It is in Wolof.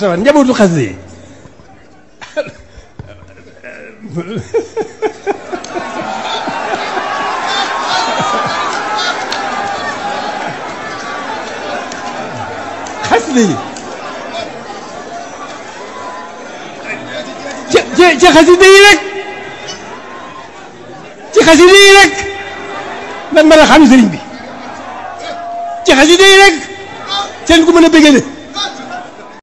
sama njabootu xasida yi xasida yi ci ci ci xasida yi rek ci xasida yi rek man mën a xam sëriñ bi ci xasida yi rek seen ku mën a bëggale